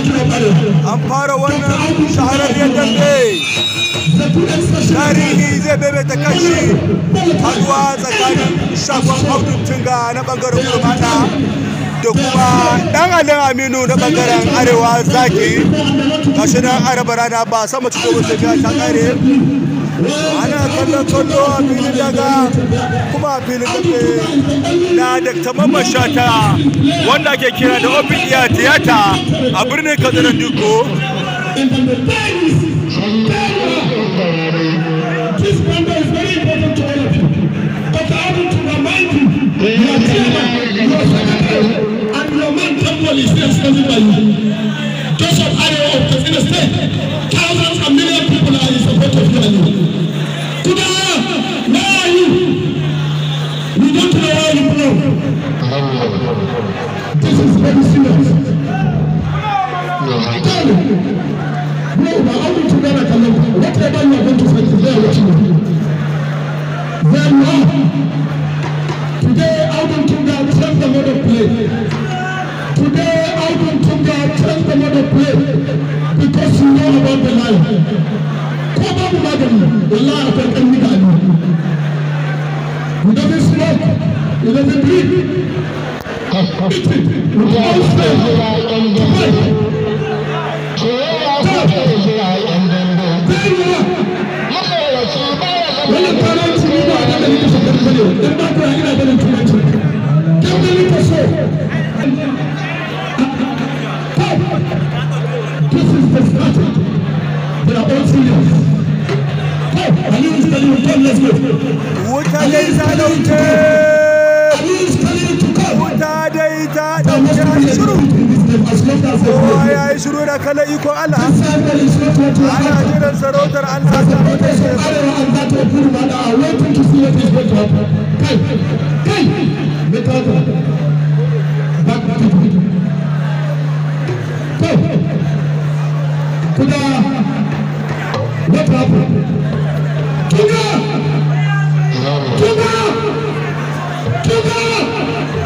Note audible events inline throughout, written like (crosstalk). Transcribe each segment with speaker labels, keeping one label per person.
Speaker 1: an fara wannan shahararriyar dambe tarihi zai bebeta kashi haduwa tsakanin shagon audun tunga na bangaren kurmata da kuma dan alin aminu na bangaren arewa zaki gashi nan araba rana ba sama cikin wasu ta kare ana kallon kallo a filin daga kuma a filin daga na dakta mamman shata wanda ke kira da open air theater a
Speaker 2: birnin katsina duko And your man, come on, he says, everybody. one. Today, Alvin Tunga play. Today, Tunga play because you know about the life. Come on, madam. The life that can be done. He doesn't smoke. He doesn't drink. He (laughs) doesn't ta dauke wuta dai ta dauke shiru
Speaker 1: ya yi shiru da kala iko Allah ana jiran sarautar Allah
Speaker 2: ta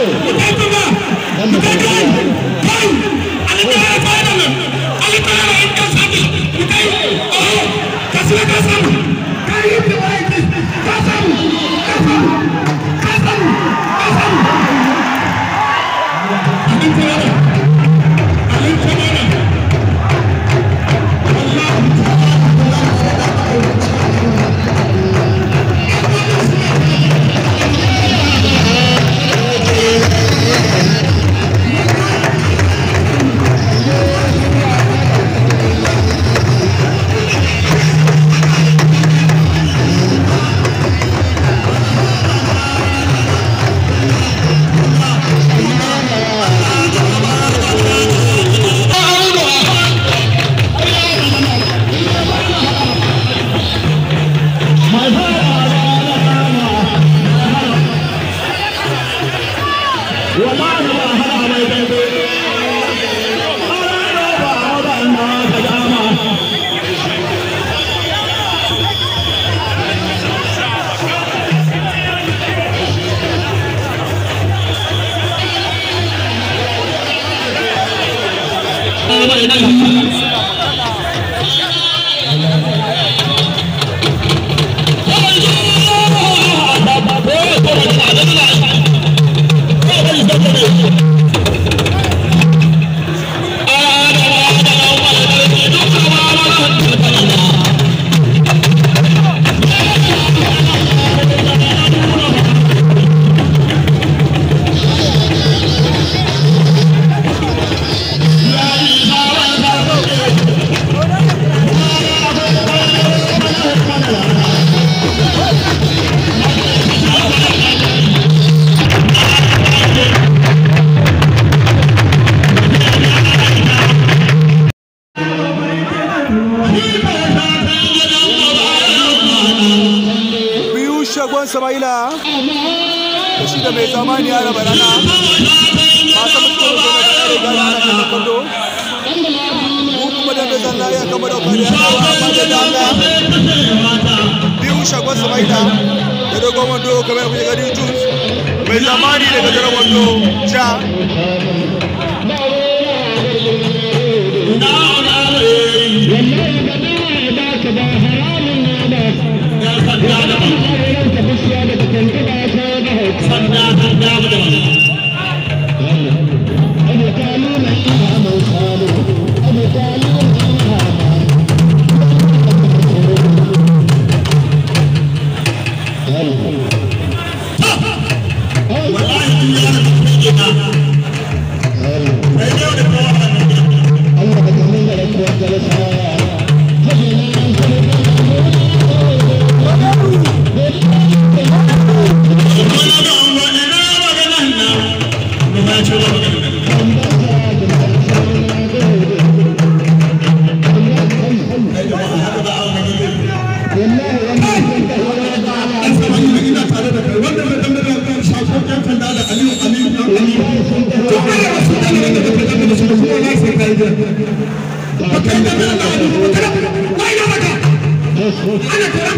Speaker 2: Hey! Hey! Hey! Hey!
Speaker 1: Ismaila da shi da mai zamani ya raba rana da na kare gara na kan kwando ko kuma da ya kama da kwari ya kawo dama biyu shagon da dogon wando kamar mai zamani da wando ja
Speaker 2: Yeah, yeah, yeah. Sanda har da Ana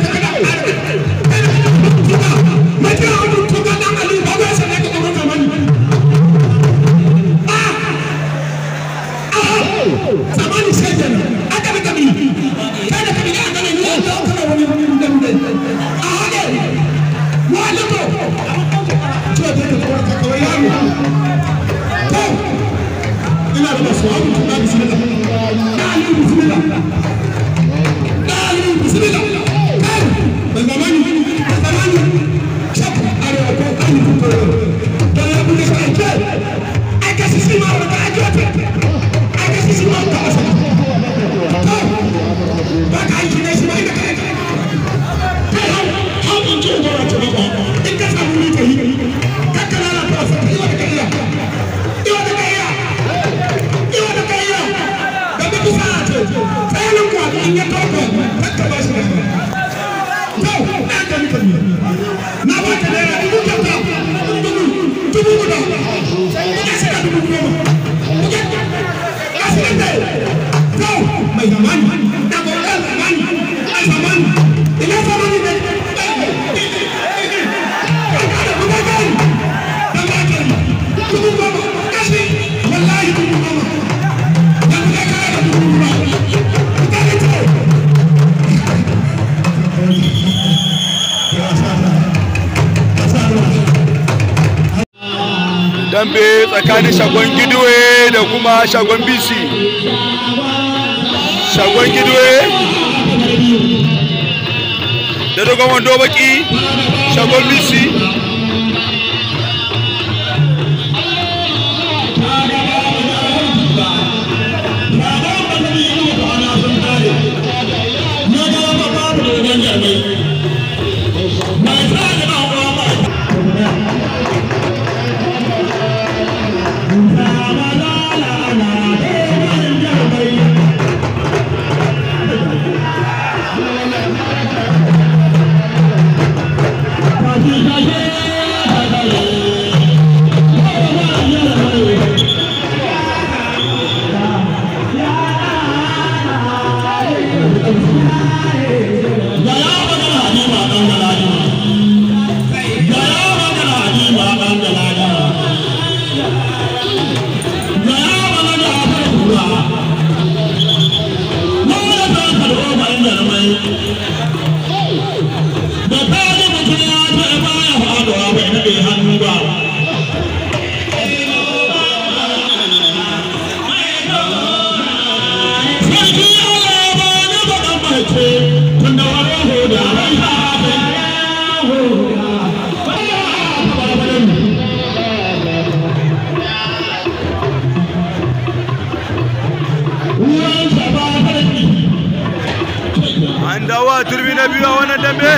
Speaker 2: your open!
Speaker 1: dambe tsakanin shagon gidwe da kuma shagon bc shagon gidwe da dogon wando baki shagon bc
Speaker 2: Everybody.
Speaker 1: an dawo a turbi na biyu a wannan dambe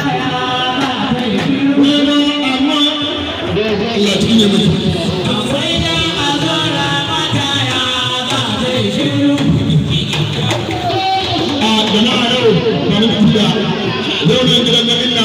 Speaker 1: Zaunin gidan na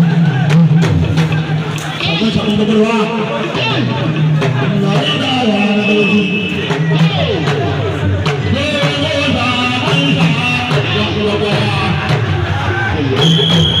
Speaker 2: akwai sabon gwagwarwa Thank you.